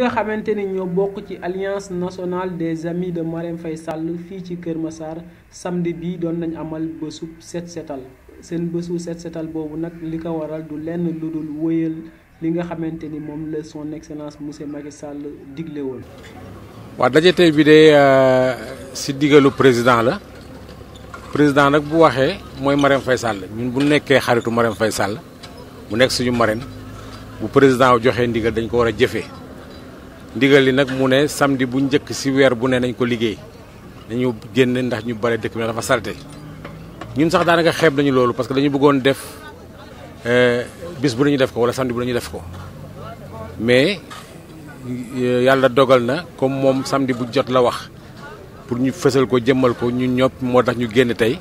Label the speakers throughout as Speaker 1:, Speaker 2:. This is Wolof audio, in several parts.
Speaker 1: nga xamanteni ñoo bokk ci alliance nationale des amis de Marème Faye Sall fii ci Kër Massar samedi bi doon nañ amal bésub set setal seen bésu set setal boobu nag li ko waral du lenn lu dul wóyal li nga xamante ni moom la son excellence monsieur Macky Sall digle woon.
Speaker 2: waaw daje tey bi de euh, si digalu président la président nag bu waxee mooy Marème Faye ñun bu nekkee xaritu Marème Faye Sall mu nekk suñu marraine bu président joxee ndigal dañ ko war a jëfee. ndigal li nag mu ne samedi bu njëkk si weer bu ne nañ ko liggéey nañu génn ndax ñu bare dëkk mi dafa salté ñun sax daanaka xeeb nañu loolu parce que dañu bëggoon def eh, bis bu ñu def ko wala samedi bu ñu def ko mais yàlla dogal na comme moom samedi bu jot la wax pour ñu fësal ko jëmmal ko ñu ñopp moo tax ñu génn tey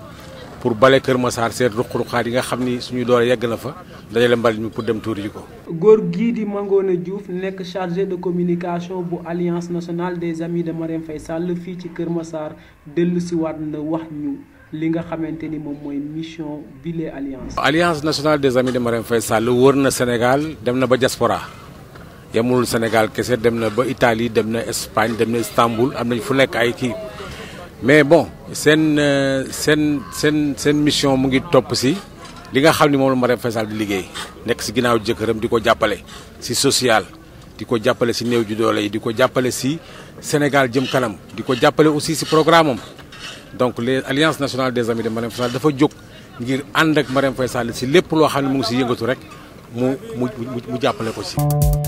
Speaker 2: pour bale Kër Massar seet ruq-ruqaat yi nga xamni suñu doore yegg na fa dajale mbalit mi pour dem tour ji ko.
Speaker 1: góor gii di Mangone Diouf nek chargé de communication bu alliance nationale des amis de Marème Faye Sall fii ci Kër Massar dellu si waat na wax ñu li nga xamanteni mom moy mission bile alliance.
Speaker 2: alliance nationale des amis de Marème Faye Sall wër na Sénégal dem na ba diaspora yamul Sénégal kessé dem na ba Italie dem na Espagne dem na Istanbul am nañ fu nek ay kii mais bon sen euh, sen sen sen mission mu ngi topp si li nga xamni ni moom la Marième Faye Sall di liggéey nekk si ginnaaw jëkkëram di ko jàppale social diko jappalé ci new ju doole diko jappalé ci Sénégal jëm kanam diko jappalé aussi ci programme donc les alliance nationale des amis de Marième Faye dafa jóg ngir ànd ak Marième Faye Sall si lépp loo mu ngi si yëngatu rek mu mu mu jàppale ko ci